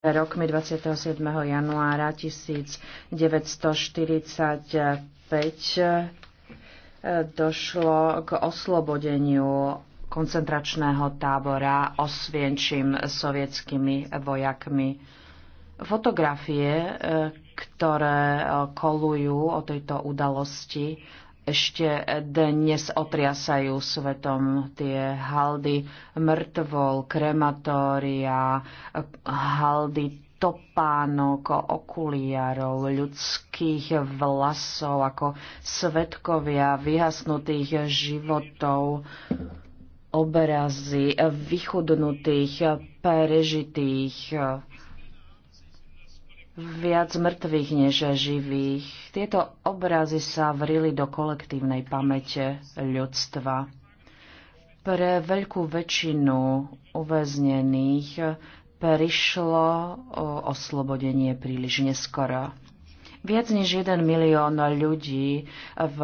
rokmi 27. januára 1945 eh, došlo k oslobodeniu koncentračného tábora Osvienčím sovietskými vojakmi. Fotografie, eh, ktoré eh, kolujú o tejto udalosti, ešte dnes otriasajú svetom tie haldy mŕtvol, krematória, haldy topánok, okuliarov, ľudských vlasov, ako svetkovia vyhasnutých životov, obrazy vychudnutých, prežitých, viac mŕtvych než živých. Tieto obrazy sa vrili do kolektívnej pamäte ľudstva. Pre veľkú väčšinu uväznených prišlo o oslobodenie príliš neskoro. Viac než jeden milión ľudí v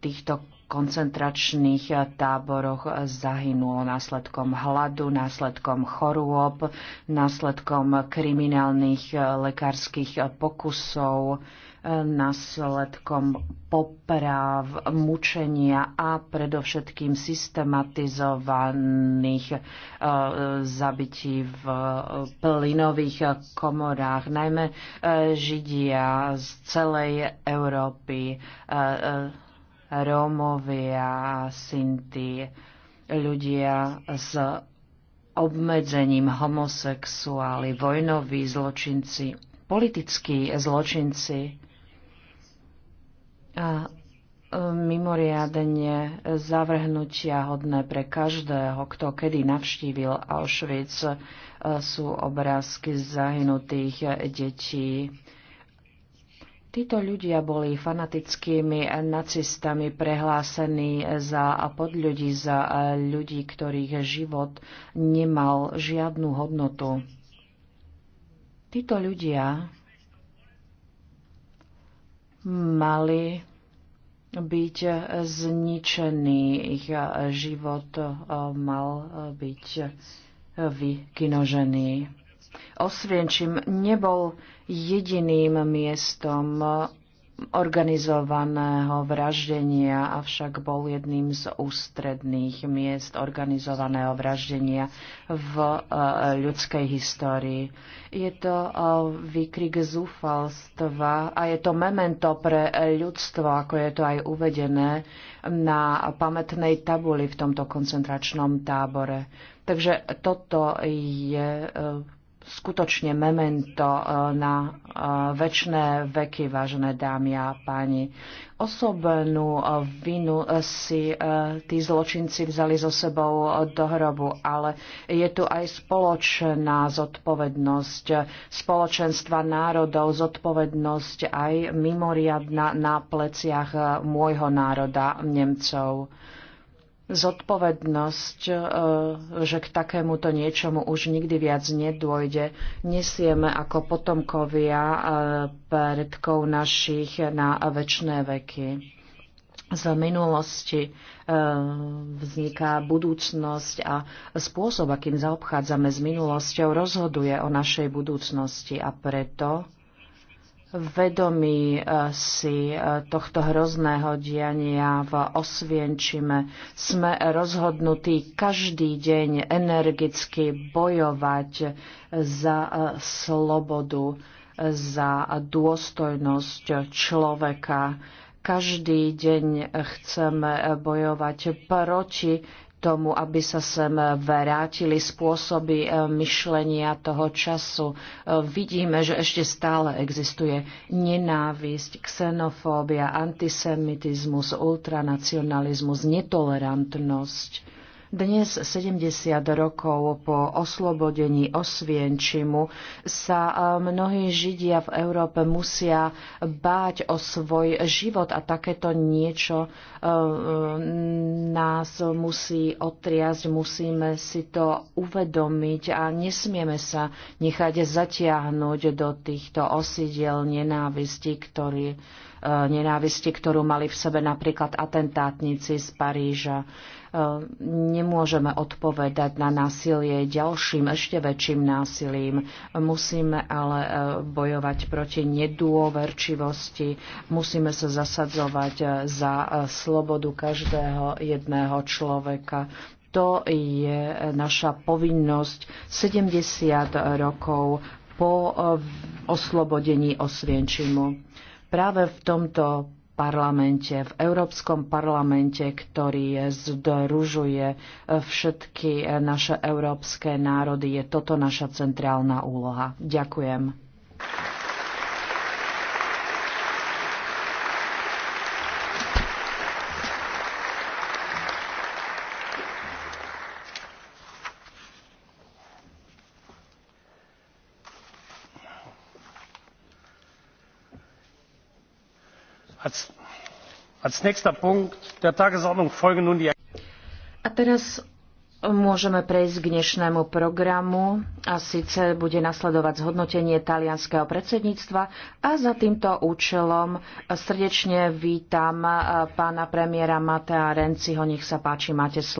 týchto koncentračných táboroch zahynulo následkom hladu, následkom chorôb, následkom kriminálnych eh, lekárskych eh, pokusov, eh, následkom popráv, mučenia a predovšetkým systematizovaných zabití v plynových komorách. Najmä Židia z celej Európy Rómovia, Sinti, ľudia s obmedzením homosexuáli, vojnoví zločinci, politickí zločinci. A e, mimoriadne zavrhnutia hodné pre každého, kto kedy navštívil Auschwitz, e, sú obrázky zahynutých detí Títo ľudia boli fanatickými nacistami prehlásení za pod ľudí za ľudí, ktorých život nemal žiadnu hodnotu. Títo ľudia mali byť zničený, ich život eh, mal byť vykinožený. Osvienčim nebol jediným miestom organizovaného vraždenia, avšak bol jedným z ústredných miest organizovaného vraždenia v e, ľudskej histórii. Je to e, výkrik zúfalstva a je to memento pre ľudstvo, ako je to aj uvedené na pamätnej tabuli v tomto koncentračnom tábore. Takže toto je e, skutočne memento e, na väčšie veky, vážené dámy a páni. Osobnú e, vinu e, si tí zločinci vzali so sebou do hrobu, ale je tu aj spoločná zodpovednosť spoločenstva národov, zodpovednosť aj mimoriadna na pleciach môjho národa, Nemcov zodpovednosť, e, že k takémuto niečomu už nikdy viac nedôjde, nesieme ako potomkovia e, predkov našich na väčšie veky. Z minulosti e, vzniká budúcnosť a spôsob, akým zaobchádzame s minulosťou, rozhoduje o našej budúcnosti a preto vedomí eh, si eh, tohto hrozného diania v Osvienčime. Sme rozhodnutí každý deň energicky bojovať eh, za slobodu, za dôstojnosť človeka. Každý deň chceme bojovať proti tomu, aby sa sem vrátili spôsoby eh, myšlenia toho času. Eh, vidíme, že ešte stále existuje nenávisť, xenofóbia, antisemitizmus, ultranacionalizmus, netolerantnosť dnes, 70 rokov po oslobodení Osvienčimu, sa e, mnohí Židia v Európe musia báť o svoj život a takéto niečo e, e, nás musí otriasť, musíme si to uvedomiť a nesmieme sa nechať zatiahnuť do týchto osidiel nenávisti, ktorý, nenávisti, ktorú mali v sebe napríklad atentátnici z Paríža nemôžeme odpovedať na násilie ďalším, ešte väčším násilím. Musíme ale e, bojovať proti nedôverčivosti, musíme sa zasadzovať e, za e, slobodu každého jedného človeka to je naša povinnosť 70 rokov po oslobodení Osvienčimu. Práve v tomto parlamente, v Európskom parlamente, ktorý združuje eh, všetky eh, naše európske národy. Je toto naša centrálna úloha. Ďakujem. A teraz môžeme prejsť k dnešnému programu a síce bude nasledovať zhodnotenie talianského predsedníctva a za týmto účelom srdečne vítam eh, pána premiéra Matea Renciho. Nech sa páči, máte slovo.